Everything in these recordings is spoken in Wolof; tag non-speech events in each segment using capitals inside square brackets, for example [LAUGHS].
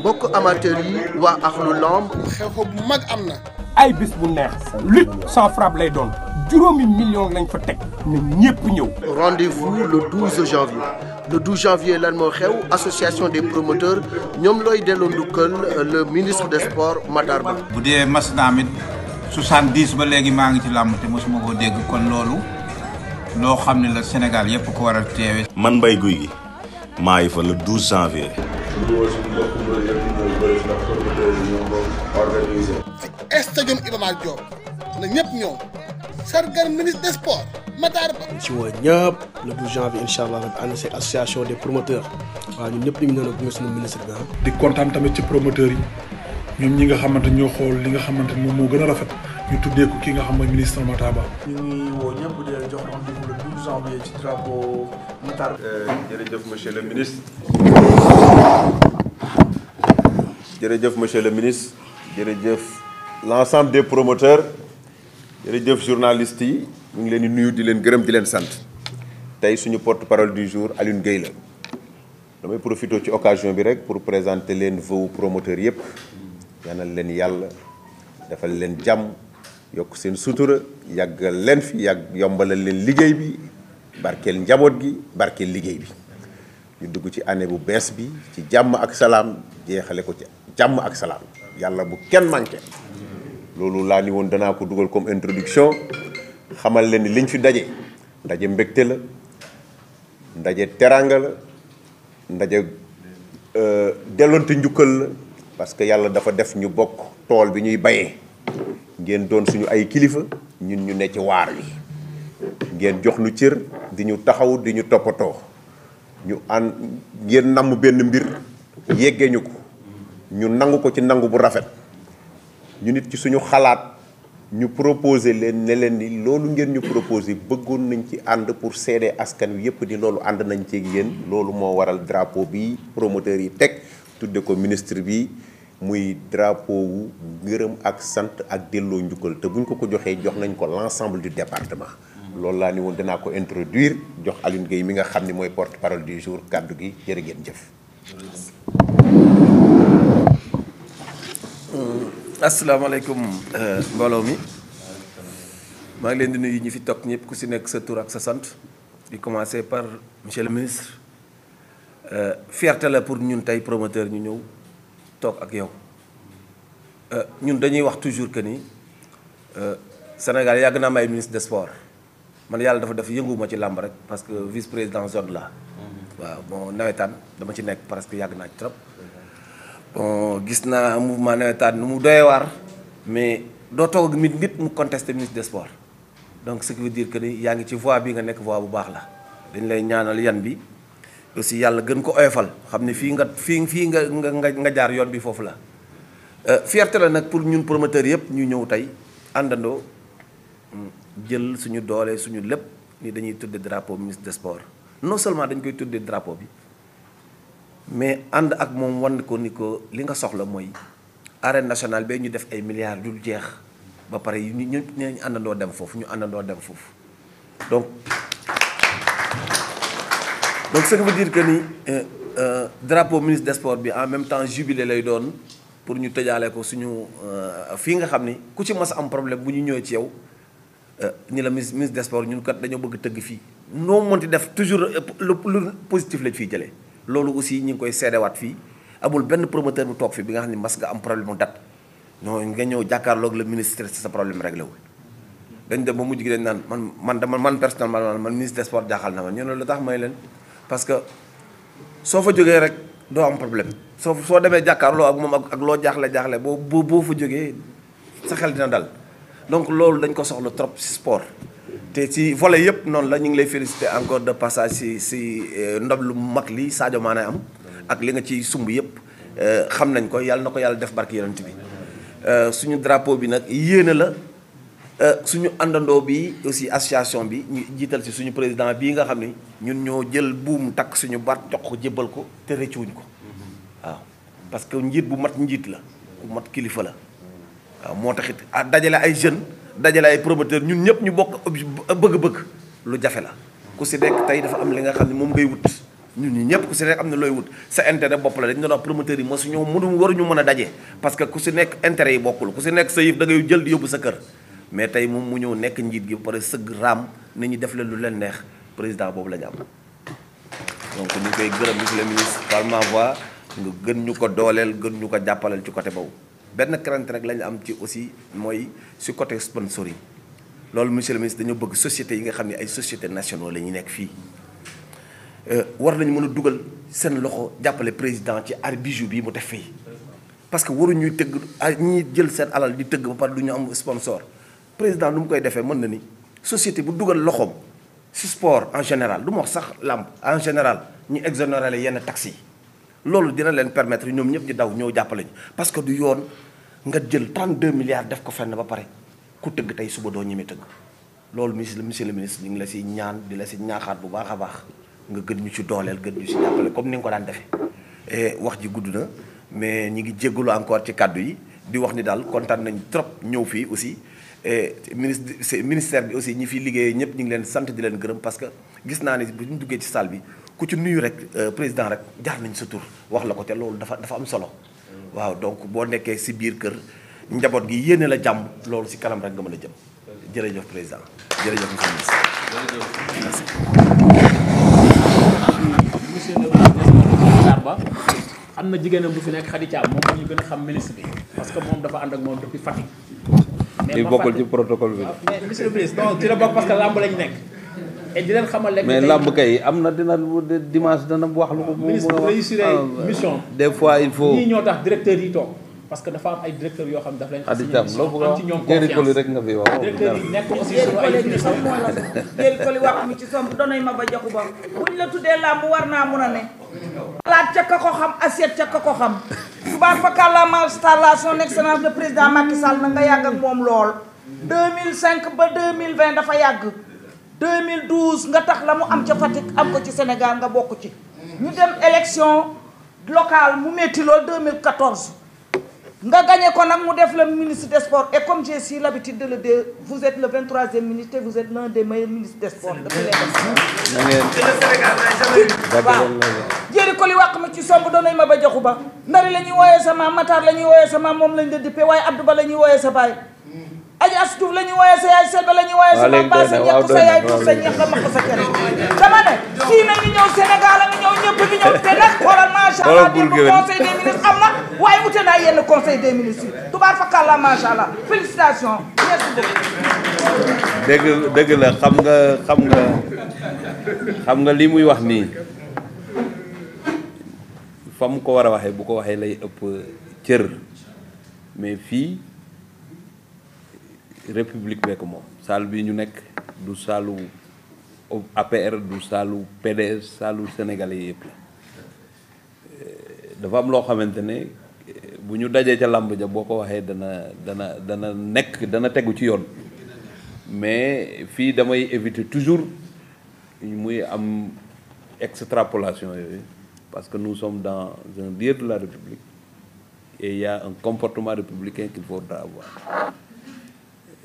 mbokk amateur yi waa Axlu Lamb. xew-xew bu mag am na. ay bis bu neex. lutte sans frappe lay doon. juróomi million lañ fa teg. na ñëpp ñëw. rendez-vous le 12 janvier le 12 janvier lan moo xew association des promoteurs ñoom looy delloo ndukkal euh, le ministre de sports Matar Ba. bu dee mas naa mit 70 ba léegi maa ngi ci làmb te mosuma koo dégg kon loolu. loo xam ne la Sénégal yëpp ko war a teewe man mbay Gouy Gui maa ngi fa le 12 janvier. stadium Iba Mar Diop na ñëpp ñëw sargal ministre des sports Matar Ba. ci woo ñëpp le 12 janvier incha allah rek ànd si association de promoteurs waaw ñun ñëpp ñu ngi doon gunge suñu ministre bi ah. di kontaan tamit ci promoteurs yi ñoom ñi nga xamante ñoo xool li nga xamante ni moom moo gën a rafet. ñu tuddee ki nga xam mooy ministre Matar Ba. ñëpp leen jox rendez-vous le 12 janvier ci drapeau Matar. Euh, jërëjëf monsieur le ministre. jërëjëf monsieur le ministre jërëjëf l'ensemble des promoteurs jërëjëf journalistes yi mu ngi leen di nuyu di leen gërëm di leen sant tey suñu porte-parole du jour Alioune Gueye damay profité ci occasion bi rek pour présenter leen vœu promoteurs yëpp ñaanal leen yàlla defal leen jàmm. yokk seen sutura yàggal leen fi yàgg yombalal leen liggéey bi barkeel njaboot gi barkeel liggéey bi ñu dugg ci année bu bees bi ci jàmm ak salaam jeexale ko ci jàmm ak salaam yàlla bu kenn manqué loolu laa ni woon danaa ko dugal comme introduction xamal leen ni liñ fi daje ndaje mbégte la ndaje teranga la ndaje euh, delloonte njukkal la parce que yàlla dafa def ñu bokk tool bi ñuy bayee ngeen doon suñu ay kilifa ñun ñu ne ci waar yi ngeen jox nu cër di ñu taxaw di ñu toppatoo ñu ànd ngeen namm benn mbir yeggee ñu ko ñu nangu ko ci nangu bu rafet ñu nit ci suñu xalaat ñu proposé leen ne leen ni loolu ngeen ñu proposé bëggoon nañ ci ànd pour seede askan wi yëpp di loolu ànd nañ ci yéen loolu moo waral drapeau bi promoteur yi teg tudde ko ministre bi muy drapeau wu ngërëm ak sant ak delloo njukkal te buñ ko ko joxee jox nañ ko l'ensemble du département. loolu laa ni woon danaa ko introduire jox Alioune Gueye mi nga xam ni mooy porte parole du jour kàddu gi jërë ngeen jëf. Euh, asalaamaaleykum euh, mbooloo mi maa ngi leen di nuyu ñi fi toog ñëpp ku si nekk sa tour ak sa sant li commencer par monsieur le ministre euh, fierté la pour ñun tey promoteur ñu ñëw. toog ak yow euh, ñun dañuy wax toujours que ni euh, Sénégal yàgg naa am ay ministre de sports man yàlla dafa def yënguma ci làmb rek parce que vice président zone la mhm. waaw bon nawetaan dama ci nekk parce que yàgg naa ci trop bon gis naa mouvement nawetaan nu mu doyee waar mais doo toog ak nit nit mu contesté ministre des sports donc ce qui veut dire que ni yaa ngi ci voie bi nga nekk voie bu baax la dañ lay ñaanal yan bi aussi yàlla gën ko oyofal xam ne fii nga fii fii nga nga nga jaar yoon bi foofu la euh, fierté la nag pour ñun promoteurs yëpp ñu ñëw tey àndandoo hmm, jël suñu doolee suñu lépp ni dañuy tudde drapeau ministre des sports non seulement dañ koy tuddee drapeau bi mais ànd ak moom wan ko ni ko li nga soxla mooy arène nationale bee ñu def ay milliards dul jeex ba pare ñu ñu àndandoo dem foofu ñu àndandoo dem foofu donc ce qui veut dire que ni euh, euh, drapeau ministre des sports bi en même temps jubilé lay doon pour ñu tëjaale ko suñu euh, fii nga xam ni ku ci mas am problème bu ñu ñëwee ci yow ni la ministre ministre des sports ñun kat dañoo bëgg tëgg fii. noo mënti def toujours lu lu positif lañ fiy jëlee loolu aussi ñu ngi koy seedewaat fii amul benn promoteur bu toog fii bi nga xam ni mas nga am problème mu date non nga ñëw jàkkaarloog le ministre si sa problème réglé wul. dañ dem ba mujj gi dañ naan man man dama man personnellement man ministre des sports na ma ñu ne lu tax may leen. parce que soo fa jógee rek doo am problème soo soo demee jàkkaarloo ak moom ak loo jaaxle jaaxle boo boo boo fa jógee sa xel dina dal donc loolu dañ ko soxla trop ci sport. te si vole yëpp noonu la ñu ngi lay féliciter encore de passage si ci euh, ndob lu mag li Sadio Mané am ak li nga ci sumb yëpp euh, xam nañ ko yàlla na ko yàlla def barki yonent bi euh, suñu drapeau bi nag yéene la. Euh, suñu àndandoo bi aussi association bi ñu jiital si suñu président bii nga xam ni ñun ñoo jël buum takk suñu baat jox ko jébbal ko te rëccuwuñ ko waaw parce que njiit bu mat njiit la ku mat kilifa la waaw moo taxit ah dajale ay jeunes dajale ay promoteurs ñun ñëpp ñu bokk bëgg-bëgg lu jafe la ku si nekk tey dafa am li nga xam ne moom ngay wut ñun ñi ñëpp ku si nekk am na looy wut sa intérêt bopp la dañ doon wax promoteurs yi moo su ñoo mënu waruñu mën a daje parce que ku si nekk intérêt yi bokkul ku si nekk sa yëf da jël di sa kër mais tey moom mu ñëw nekk njiit gi ba pare sëgg raam nit ñi def leen lu leen neex président boobu lañu am. donc ñu koy gërëm monsieur le ministre par ma gën ñu ko dooleel gën ñu ko jàppaleel ci côté boobu benn crainte rek la ñu am ci aussi mooy si côté sponsoring loolu monsieur le ministre dañoo bëgg société yi nga xam ne ay société nationale la ñu nekk fii euh, war nañu mën a dugal seen loxo jàppale président ci ar bijou bii mu def fii parce que waruñuy tëgg ñuy jël seen alal di tëgg ba pare ñu am sponsor président nu mu koy defee mën na ni société bu duggal loxoom si sport en général du ma wax sax làmp en général ñu exonéré yenn taxes yi loolu dina leen permettre ñoom ñëpp di daw ñoo jàppale ñu parce que du yoon nga jël 32 milliards def ko fenn ba pare ku tëgg tey suba doo ñemee tëgg loolu monsieur monsieur le ministre ñu ngi la si ñaan di la si ñaaxaat bu baax a baax nga gën ñu ci dooleel gën ñu si jàppale comme ni nga ko daan defee. et eh, wax ji gudd na mais ñi ngi jéggalu encore ci kàddu yi di wax ni daal kontaan nañ trop ñëw fii aussi. ministre ministère bi aussi ñi fiy liggéeyee ñëpp ñu ngi leen sant di leen gërëm parce que gis naa ni bu ñu duggee ci salle bi ku ci nuyu rek euh, président rek jaar nañ sa tur wax la ko te loolu dafa dafa am solo. waaw donc boo nekkee si biir kër njaboot gi yéene la jàmm loolu si kanam rek nga mën a jëm. jërëjëf président jërëjëf monsieur le ministre. monsieur le ministre am na fi nekk Khady Thiam moom ñu gën xam ministre bi parce que moom dafa ànd ak moom depuis Fatick. mais bokkul ci protocole bi. Ah, mais la bokk parce làmb lañ nekk. et di leen xamal mais làmb kay am na dina dimanche dana wax lu ko. Ah, mu mun a wax ah, ministre des fois il faut ñii ñoo tax directeur yi toog. parce que dafa am ay directeurs yoo xam ne daf leen. am ci ñoom confiance rek nga fi wax. directeurs yi nekk aussi suñu ay jëriñ wax mi ci somb doonay ma ba joxu war naa mun a ne. xalaat ca ka ko xam assiette ca ka ko xam. tubaab fakal la macha excellence de président Macky Sall na nga yàgg ak moom lool. 2005 ba 2020 dafa yàgg. 2012 nga tax la mu am ca Fatick am ko ci Sénégal nga bokk ci. ñu dem élection locale mu métti lool nga gagné kon nag mu def la ministre des sport et comme j'ai si l'habitude de le dire vous êtes le 23e ministre et vous êtes l'un des meilleurs ministres des sports dama leen waaw jéeri ko li wàq ma ci somb doon nañ ma ba joxu ba ndari la ñuy wooyee sa maam Matar la ñuy wooyee sa maam moom lañ la dippee waaye Abdou Ba la ñuy wooyee sa baay aji as Diouf la ñuy wooyee sa yaay Selbé la ñuy wooyee sa papa sa ñepp sa yaay Diouf sa ñepp ma ko sa kër dama ne fii na ngi ñëw Sénégal a ñëw ñëpp ngi ñëw te nag [LAUGHS] xoolal macha allah démb conseil des ministres am na waaye wute naa yenn conseil des ministres yi tubaar fakàlla macha allah félicitations dëgg dëgg la xam nga xam nga xam nga li muy wax nii fa mu ko war a waxee bu ko waxee lay ëpp cër mais fii république bee ko moom salle bi ñu nekk du saalu APR du saalu PDS saalu sénégalais yëpp la dafa am loo xamante ne bu ñu dajee ca làmb ja boo ko waxee dana dana dana nekk dana tegu ci yoon mais fii damay éviter toujours muy am extrapolation yooyu parce que nous sommes dans un lieu de la République et il un comportement républicain qu'il faudra avoir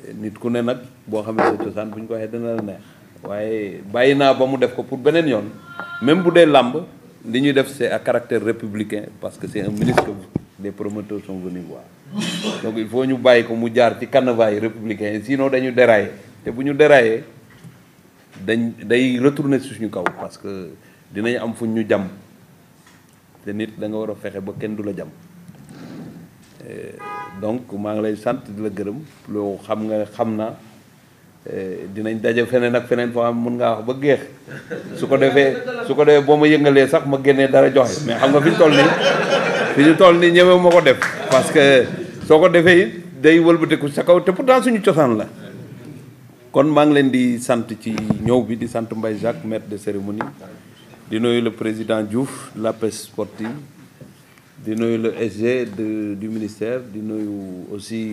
nit ku ne nag boo xamee sa cosaan bu ñu ko waxee dina la neex waaye bàyyi naa ba mu def ko pour beneen yoon même bu dee làmb li ñuy def c'est à caractère républicain parce que c'est un ministre que les promoteurs sont venus voir donc il faut ñu bàyyi ko mu jaar ci canevas yi républicain yi dañu dérailler te bu ñu dérailler dañ day retourner suñu kaw parce que dinañ am fuñ ñu jàmm te nit danga war a fexe ba kenn du la jàmm Euh, donc maa ngi lay sant di la gërëm loo xam nga xam naa euh, dinañ daje feneen ak feneen foo xam mun ngaa wax ba géex su ko defee su ko defee boo ma yëngalee sax ma génnee dara joxe mais xam nga fi ñu toll nii fi ñu toll nii ñemewu ma ko def parce que soo ko defee it day wëlbatiku sa kaw te pourtant suñu cosaan la kon maa ngi leen di sant ci ñëw bi di sant Mbaye Jacques maître de cérémonie di nuyu le président Diouf de la presse sportive di nuyu le SG de du ministère di nuyu aussi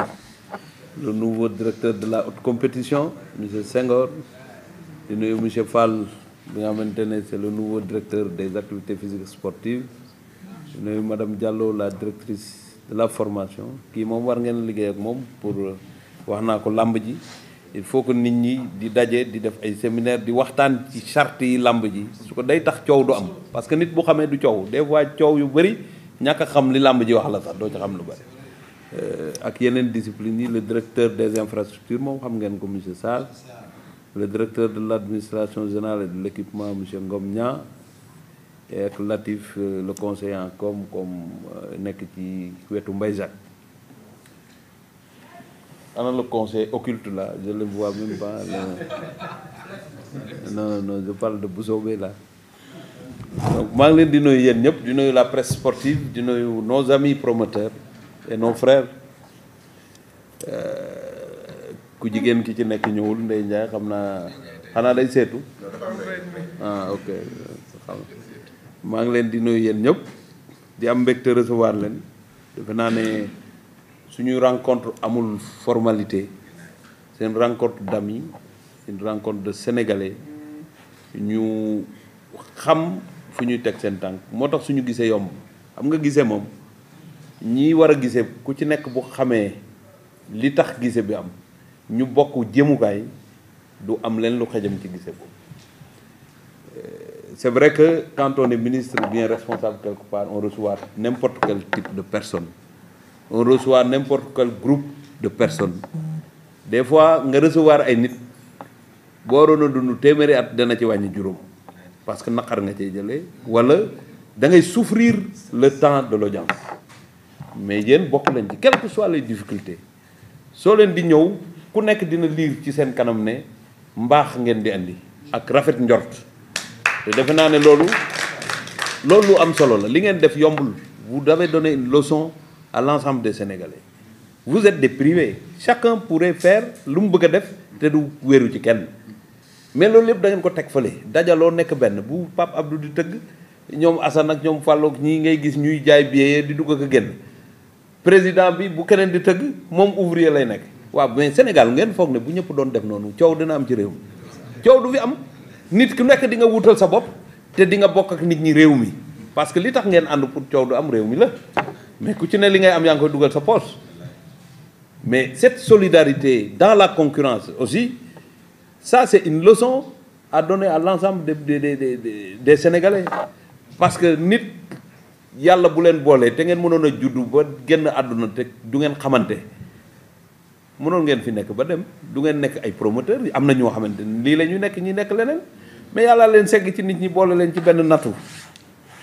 le nouveau directeur de la haute compétition monsieur Senghor di nuyu monsieur Fall bi nga xamante ne c'est le nouveau directeur des activités physiques sportives di nuyu madame Diallo la directrice de la formation kii moom war ngeen liggéey ak moom pour euh, wax naa ko làmb ji il faut que nit ñi di daje di def ay séminaire di waxtaan ci charte yi làmb ji su ko day tax coow du am parce que nit bu xamee du coow des fois coow yu bëri ñàkk a xam li làmb ji wax la sax doo ci xam lu bari euh, ak yeneen discipline yi le directeur des infrastructures moom xam ngeen ko monsieur Sall le directeur de l' administration générale et de l' équipement monsieur Ngom Niang et ak Latif euh, le conseiller en com comme euh, nekk ci wetu Mbaye Jacques ana le conseil occulte là je le vois même pas non non je parle de Bousso Bey là donc ngi leen di nuyu yéen ñëpp di nuyu la presse sportive di nuyu nos amis promoteurs et nos frères euh, ku jigéen ki ci nekk ñëwul Ndeye Ndiaye xam naa xanaa day seetu ah ok maa ngi leen di nuyu yéen ñëpp di am mbégte recevoir leen defe naa ne suñuy rencontre amul formalité seen une rencontre d'amis une rencontre de sénégalais ñu xam fu ñuy teg seen tànk moo tax suñu gisee yomb am nga gisee moom ñi war a gisee ku ci nekk bu xamee li tax gisee bi am ñu bokk jëmukaay du am leen lu xejam ci gisee boobu c'est vrai que quand ne est ministre bien responsable quelque part on reçoit n'importe quel type de personne on reçoit n'importe quel groupe de personne des fois nga recevoir ay nit boo waroon a dund téeméeri at dana ci wàññi juróom parce que naqar nga cee jëlee wala da ngay souffrir le temps de l'audience mais yéen bokk leen ci quelles que soient les difficultés soo leen di ñëw ku nekk dina liir ci seen kanam ne mbaax ngeen di andi ak rafet njort te defe naa ne loolu loolu lu am solo la li ngeen def yombul vous avez donné une leçon à l'ensemble des Sénégalais vous êtes des privés chacun pourrait faire lu mu bëgg a def te du wéeru ci kenn mais loolu lépp da ngeen ko teg fële dajaloo nekk benn bu Pape Abdou di tëgg ñoom Assane ak ñoom Fallou ñii ngay gis ñuy jaay billet di dugg ak génn président bi bu keneen di tëgg moom ouvrier lay nekk. waaw mais Sénégal ngeen foog ne bu ñëpp doon def noonu coow dina am ci réew mi coow du fi am nit ku nekk di nga wutal sa bopp te di nga bokk ak nit ñi réew mi parce que li tax ngeen ànd pour coow du am réew mi la mais ku ci ne li ngay am yaa ngi koy dugal sa poche mais cette solidarité dans la concurrence aussi. Ça, c'est une leçon à donner à l'ensemble de des des des parce que nit yàlla bu leen boolee te ngeen mënoon a juddu ba génn àdduna te du ngeen xamante mënoon ngeen fi nekk ba dem du ngeen nekk ay promoteur am na ñoo xamante ni lii la ñu nekk ñi nekk leneen mais yàlla leen segg ci nit ñi boole leen ci benn nattu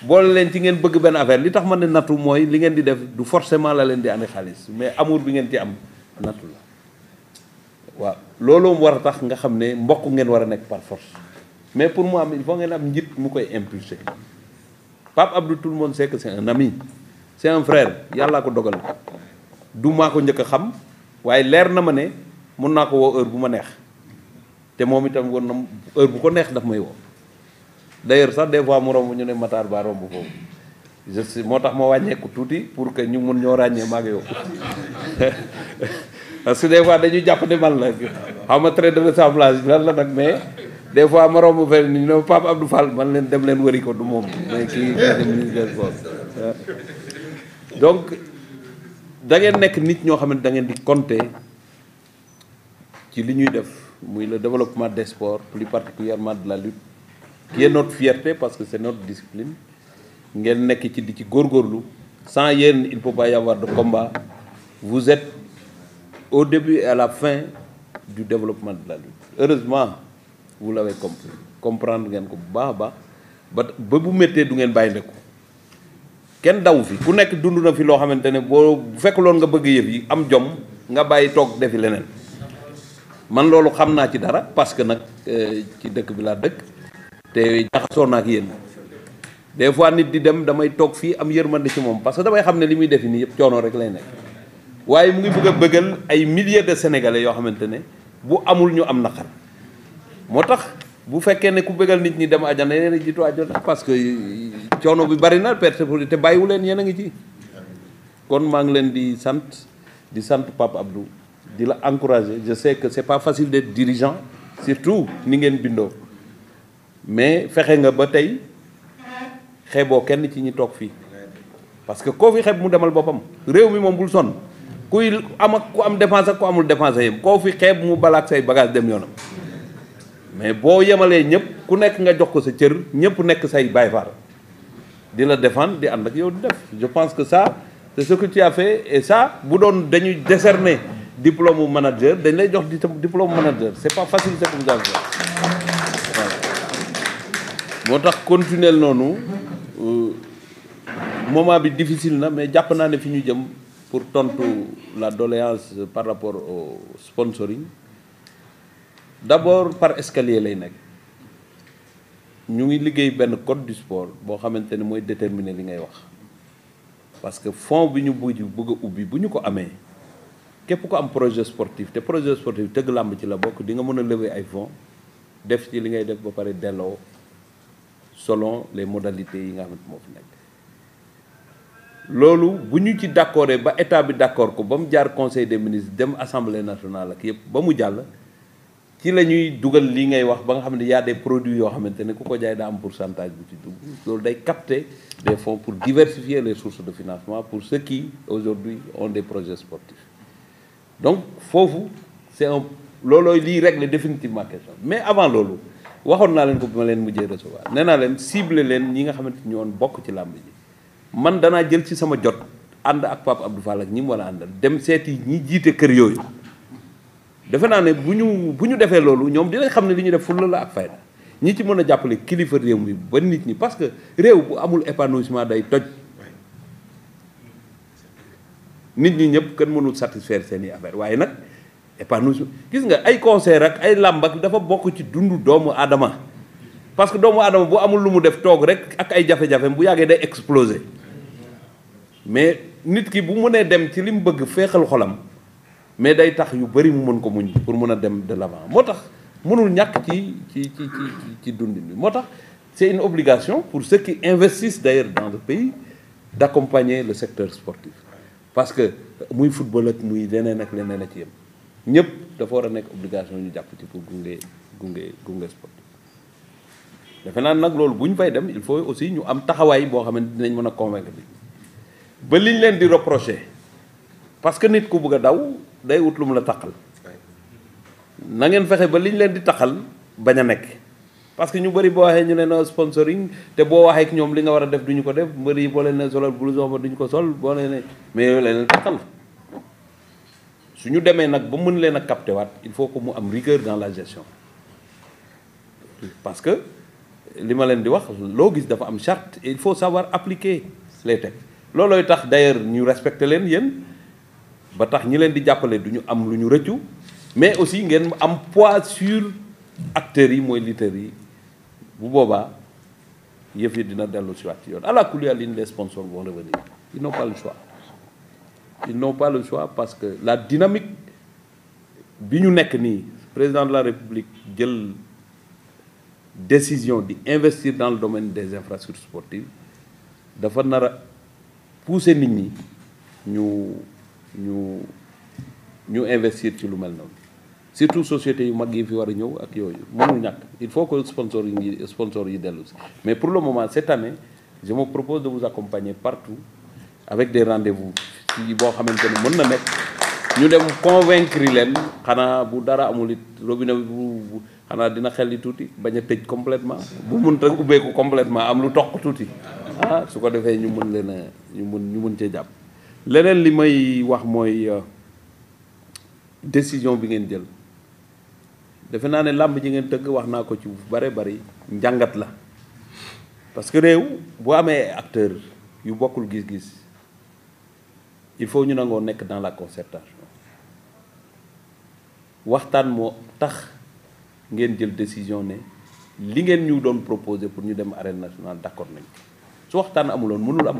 boole leen ci ngeen bëgg benn affaire li tax ma ne nattu mooy li ngeen di def du forcément la leen di andi xaalis mais amour bi ngeen ci am nattu looloo war a tax nga xam ne mbokk ngeen war a nekk par force mais pour mu am il faut ngeen am njit mu koy impulser Pape Abdou tout le monde sait que c'est un ami c'est un frère yàllaa ko dogal du maa ko njëkk a xam waaye leer na ma ne mën naa ko woo heure bu ma neex te moom itam woon na heure bu ko neex daf may woo d'ailleurs sax des fois mu romb ñu ne Matar Ba romb foofu je moo tax ma wàññeeku tuuti pour que ñu mun ñoo ràññee maa ngi yow [LAUGHS] parce que des dañuy dañu jàpp man la xaw ma trait de ressemblance lan la nag mais des fois ma romb fenn ni ne Pape Abdou Fall man leen dem leen wëri ko du moom mais kii ministre des euh, donc da ngeen nekk nit ñoo xam ne da di compter ci li ñuy def muy le développement de sports plus particulièrement de la lutte qui est notre fierté parce que c'est notre discipline ngeen nekk ci di ci góor góorlu sans yéen il ne pas y avoir de combat vous au début et à la fin du développement de la lutte heureusement vous l'avez compris comprendre ngeen ko bu baax a baax ba ba bu méttee du ngeen bàyyi ne kenn daw fi ku nekk dund na fi loo xamante ne boo bu fekkuloon nga bëgg yëpp yi am jom nga bàyyi toog defi leneen man loolu xam naa ci dara parce que nag euh, ci dëkk bi laa dëkk te jaxasoo naa ak yéen des fois nit di dem damay toog fii am yërmande ci moom parce que damay xam ne li muy defi nii yëpp coono rek lay nekk. waaye mu ngi bëgg a bëggal ay millier de sénégalais yoo xamante ne bu amul ñu am naqar moo tax bu fekkee ne ku bëggal nit ñi dem àjjana yéen a jiitu àjjana parce que coono bi bari na perte te bàyyiwu leen yéen a ngi ci. kon maa ngi leen di sant di sant Pape Abdou di la encourager je sais que c'est pas facile d'être dirigeant surtout ni ngeen bindoo mais fexe nga ba tey xeeboo kenn ci ñi toog fii parce que koo fi xeeb mu demal boppam réew mi moom bul sonn. kuy am ak ku am dépense ak ku amul dépense yëpp koo fi xeeb mu balaak say bagage dem yoonam mais boo yemalee ñëpp ku nekk nga jox ko sa cër ñëpp nekk say baay faal di la défendre di ànd ak yow def je pense que ça c'est ce que tu as fait et ça bu doon dañuy décerner diplôme mu manager dañ lay jox diplôme manager c'est pas facile c'est comme ça moo tax continuer noonu euh, moment bi difficile na mais jàpp naa ne fi ñu jëm pour tontu la doléance par rapport au sponsoring d'abord par escalier lay nekk ñu ngi liggéey benn code du sport boo xamante ne mooy déterminer li ngay wax parce que fonds bi ñu buj bëgg ubbi bu ñu ko amee képp ko am projet sportif te projet sportif tëgg làmb ci la bokk di nga mën a lever ay fonds def ci li ngay def ba pare delloo solon les modalités yi nga xamante moo fi nekk loolu bu ñu ci d'accord ba état bi d'accord ko ba mu jaar conseil des ministres dem assemblée nationale ak yëpp ba mu jàll ci la ñuy dugal li ngay wax ba nga xam ne y a des produits yoo xamante ne ku ko jaay daa am pour pourcentage bu ci dugg loolu day capter des fonds pour diversifier les source de financement pour ceux qui aujourd'hui on des projets sportifs donc foofu c'est un loolooy liy régler définitivement question mais avant loolu waxoon naa leen ko bi ma leen mujjee recevoir nee leen cibler leen ñi nga xamante ñoon bokk ci làmb ji man danaa jël ci sama jot ànd ak Pape Abdou Fall ak ñi mu war a àndal dem seeti ñi jiite kër yooyu defe naa ne bu ñu bu ñu defee loolu ñoom dinañ xam ne li ñu def fulla la ak fayda ñi ci mën a jàppale kilifa réew mi ba nit ñi parce que réew bu amul épanouissement day toj nit ñi ñëpp kenn mënul satisfaire seen i affaire waaye nag épanouissement gis nga ay concert ak ay làmb ak dafa bokk ci dundu doomu aadama parce que doomu aadama bu amul lu mu def toog rek ak ay jafe bu yàggee day exploser mais nit ki bu mënee dem ci li mu bëgg féexal xolam mais day tax yu bëri mu mën ko muñ pour mën a dem de l'avant moo tax mënul ñàkk ci ci ci ci ci bi moo tax c'est une obligation pour ceux qui investissent d'ailleurs dans le pays d'accompagner le secteur sportif parce que muy football ak muy leneen ak leneen a ci yem ñëpp dafa war a nekk obligation ñu jàpp ci pour gunge gunge gunge sportif defe naa nag loolu bu ñu fay dem il faut aussi ñu am taxawaay boo xam ne dinañ mën a convaincre ba liñ leen di reprocher parce que nit ku bëgg a daw day wut lu mu la taqal na ngeen fexe ba li liñ leen di taxal bañ a nekk parce que ñu bari boo waxee ñu ne na sponsoring te boo waxee ak ñoom li nga war a def duñu ko def mbëri yi boo leen ne solal a ba duñu ko sol boo leen mais yooyu leen taqal su ñu demee nag ba mën leen a capté waat il faut que mu am rigueur dans la gestion parce que li ma leen di wax loo gis dafa am charte et il faut savoir appliquer les textes loolooy tax d'ailleurs ñu respecté leen yéen ba tax ñi leen di jàppale du ñu am lu ñu rëccu mais aussi ngeen am poids sur acteurs yi mooy lutteurs yi bu boobaa yëf yi dina dellu si waat ci yoon ala kulli àlin les sponsors vont revenir ils n'ont pas le choix ils n'ont pas le choix parce que la dynamique bi ñu nekk nii président de la république jël décision di investir dans le domaine des infrastructures sportives dafa nara pousser nit ñi ñu ñu ñu investir ci lu mel noonu surtout sociétés yu mag yi fi war a ñëw ak yooyu mënul ñàkk il faut que sponsor yi sponsor yi dellu si mais pour le moment cette année je me propose de vous accompagner partout avec de rendez-vous ci boo xamante ne mën na nekk ñu dem convaincre leen xanaa bu dara amul it robinet bu xanaa dina xel li tuuti bañ a tëj complètement bu mun rek ubbeeku complètement am lu toq tuuti ah su ko defee ñu mën leen a ñu mën ñu mën cee jàpp leneen li may wax mooy euh, décision bi ngeen jël defe naa ne làmb ji ngeen tëgg wax naa ko ci bare bari njàngat la parce que réew boo amee acteur yu bokkul gis-gis il faut ñu nangoo nekk dans la concertation waxtaan moo tax ngeen jël décision ne li ngeen ñu doon proposé pour ñu dem arène nationale d'accord nañ su waxtaan amuloon mënul am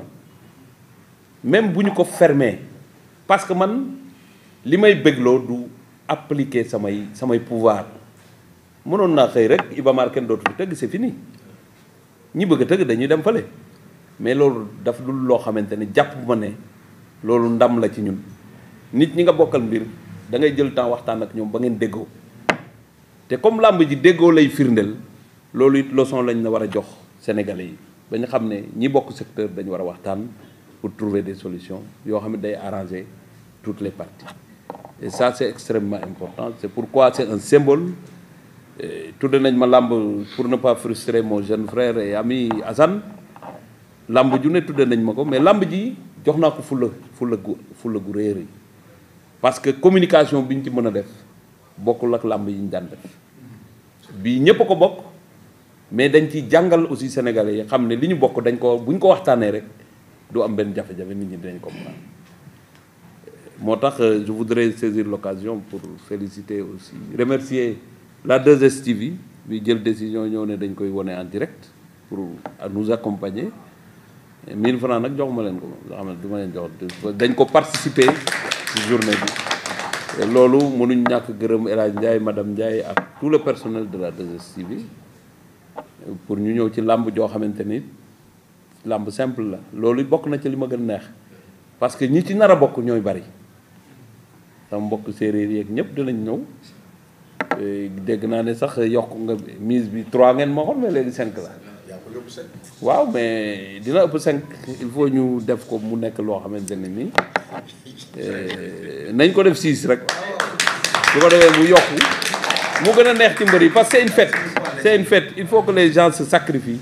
même bu ñu ko fermee parce que man li may bégloo du appliquer samay samay pouvoir mënoon naa xëy rek Ibamar kenn dootu fi tëgg c'est fini ñi bëgg a tëgg dañuy dem fële mais loolu daf dul loo xamante ne jàpp ma ne loolu ndam la ci ñun nit ñi nga bokkal mbir da ngay jël temps waxtaan ak ñoom ba ngeen déggoo te comme làmb ji déggoo lay firndeel loolu it leçon lañ la war a jox sénégalais yi ba xam ne ñi bokk secteur dañu war a waxtaan pour trouver des solutions yoo xam ne day arranger toutes les parties et ça c'est extrêmement important c'est pourquoi c'est un symbole tudde nañ ma làmb pour ne pas frustrer mon jeune frère et ami Assane làmb ju ne tudde nañ ma ko mais làmb ji jox naa ko fulla fulla gu fulla gu réer parce que communication bi ñu ci mën a def bokkul ak làmb yi ñu daan def bii ñëpp ko bokk mais dañ ci jàngal aussi sénégalais yi xam ne li ñu bokk dañ ko buñ ko waxtaanee rek du am benn jafe-jafe nit ñi ko comprendre moo tax euh, je voudrais saisir l'occasion pour féliciter aussi remercier la 2STV bi jël décision ñëw ne dañ koy wone en direct pour nous accompagner 1000 francs nag jox ma leen ko nga xam ne du ma leen dañ ko participer ci journée bi loolu mënuñ ñàkk gërëm El Hadj Ndiaye madame Ndiaye ak tout le personnel de la 2STV pour ñu ñëw ci làmb joo xamante ni làmb simple la loolu bokk na ci li ma gën neex parce que ñi ci nar a bokk ñooy bari sama mbokk séeréer yeeg ñëpp dinañ ñëw eh, dégg naa ne sax yokk nga mise bi trois ngeen ma xool mais cinq la waaw mais dina ëpp cinq il faut ñu def ko mu nekk loo xamante ne nii eh, nañ ko def six rek su ko defee mu yokk mu gën a neex ci mbër yi parce que c'est une fête. Il faut que les gens se sacrifient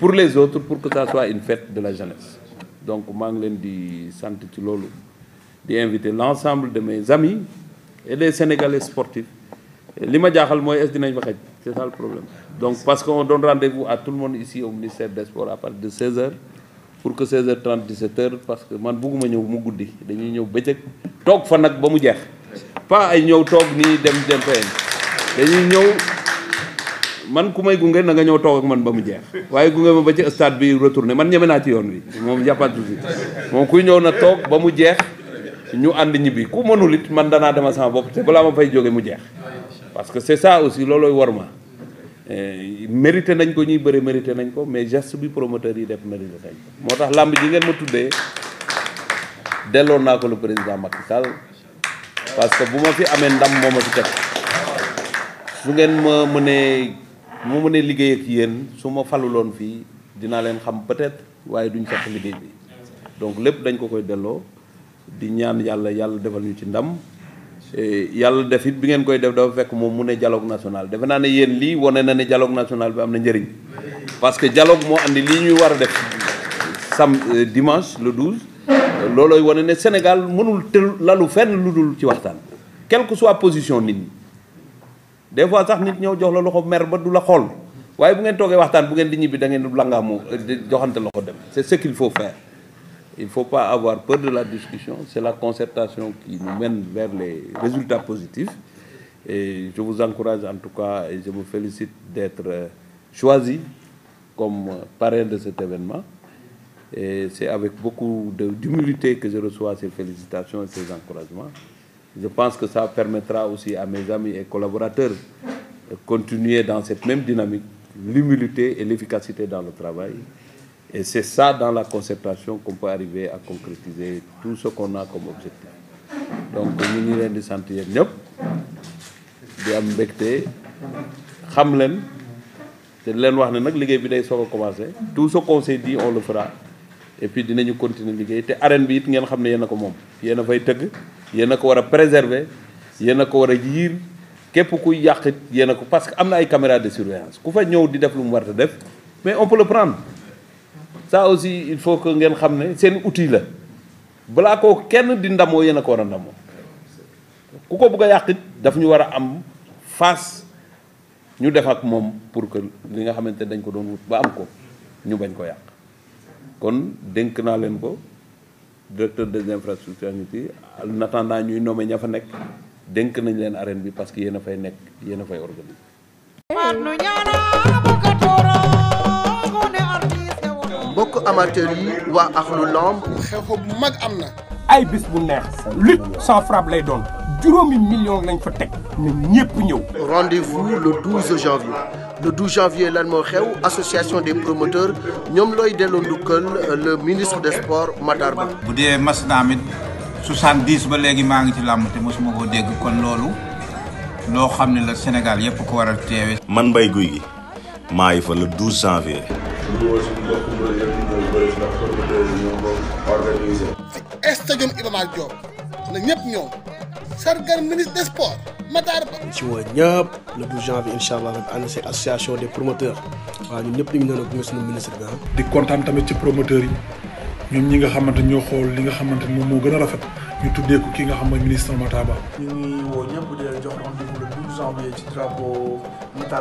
pour les autres pour que ça soit une fête de la jeunesse. Donc, je di santé ci loolu di inviter l'ensemble de mes amis et les Sénégalais sportifs. Li ma jaaxal mooy est dinañ fa C'est ça le problème. Donc parce que doon rendez-vous à tout le monde ici au ministère à partir de 16h pour que 16h30 17h parce que man bëgguma ñëw mu guddi dañuy ñëw bëccëg toog fa nag ba mu jeex pas ay ñëw toog nii dem dem man ku may gunge na nga ñëw toog ak man ba mu jeex waaye gunge ma ba ci stade bi retourné man ñeme naa ci yoon bi moom jàppantu si moom kuy ñëw na toog ba mu jeex ñu ànd ñibbi ku mënul it man danaa dema sama bopp te balaa ma fay jóge mu jeex parce que c'est ça aussi loolooy war ma eh, mérité nañ ko ñuy bëri mérité nañ ko mais geste bi promoteur yi def mérité nañ ko moo tax làmb ji ngeen ma tuddee delloo naa ko lu président Macky Sall parce que bu ma fi amee ndam moo ma fi teg su ngeen mu mënee liggéey ak yéen su ma faluloon fii dinaa leen xam peut-être waaye duñ sax liggéey bi donc lépp dañ ko koy delloo di ñaan yàlla yàlla defal ñu ci ndam yàlla defit bi ngeen koy def dafa fekk moom mu ne dialogue national defe naa ne yéen lii wane na ne dialogue national bi am na njariñ parce que dialogue moo andi lii ñuy war a def sam euh, dimanche le 12 loolooy wane ne Sénégal mënul tël lalu fenn lu dul ci waxtaan quelle que soit position nit ñi des fois sax nit ñëw jox la loxo mer ba du la xool waaye bu ngeen toogee waxtaan bu ngeen di ñibbi da ngeen du langaamu joxante loxo dem c'est ce qu'il faut faire il faut pas avoir peur de la discussion c'est la concertation qui nous mène vers les résultats positifs et je vous encourage en tout cas et je vous félicite d'être euh, choisi comme euh, parrain de cet événement et c'est avec beaucoup d'humilité que je reçois ces félicitations et ces encouragements Je pense que ça permettra aussi à mes amis et collaborateurs de continuer dans cette même dynamique, l'humilité et l'efficacité dans le travail. Et c'est ça, dans la concertation, qu'on peut arriver à concrétiser tout ce qu'on a comme objectif. donc ñu ngi leen di sant yéen ñëpp di am mbégte xam leen te leen wax ne nag liggéey bi day soog commencé tout ce qu'on s'est dit on le fera et puis dinañu continuer liggéey te arène bi it ngeen xam ne yéen ko moom yéen a fay tëgg yéen ko war a préserver yéen ko war a yiir képp kuy yàq it yéen ko parce que am na ay caméra de surveillance ku fa ñëw di def lu mu war a def mais on peut le prendre ça aussi il faut que ngeen xam ne seen outil la balaa ko kenn di ndamoo yéen a ko war a ndamoo ku ko bëgg a yàq daf ñu war a am face ñu def ak moom pour que li nga xamante dañ ko doon wut ba am ko ñu bañ ko yàq kon denk naa leen ko directeur des infrastructures ngi ci en attendant ñuy nommé ña fa nekk denk nañ leen arène bi parce que yéen a fay nekk yéen a fay organiser. mbokk amateur yi waa axlu lamb xew-xew bu mag am na ay bis bu neex lutte sans frappe lay doon juróomi million lañ fa teg na ñëpp ñëw rendez-vous le janvier le 12 janvier lan moo xew association des promoteurs ñoom looy delloo ndukkal euh, le ministre des sports Matar Ba. bu dee mas naa ba léegi maa ngi ci làmb te mosuma koo dégg kon loolu loo xam ne la Sénégal yëpp ko war a teewe. man Mbaye Gouy Gui maa ngi fa le 12 janvier. stadium Iba Mar Diop na ñëpp ñëw. sargal ministre des sports Matar Ba. ci woo ñëpp le 12 janvier incha allah nag ànd si association des promoteurs waaw ñëpp ñu ngi doon gunge ah. di kontaan tamit ci promoteurs yi ñi nga xamante ñoo xool li nga xamante ni moom moo gën a rafet ñu tuddee kii nga xam mooy ministre Matar Ba. ñu ngi woo ñëpp di leen jox rendez-vous le janvier ci drapeau Matar.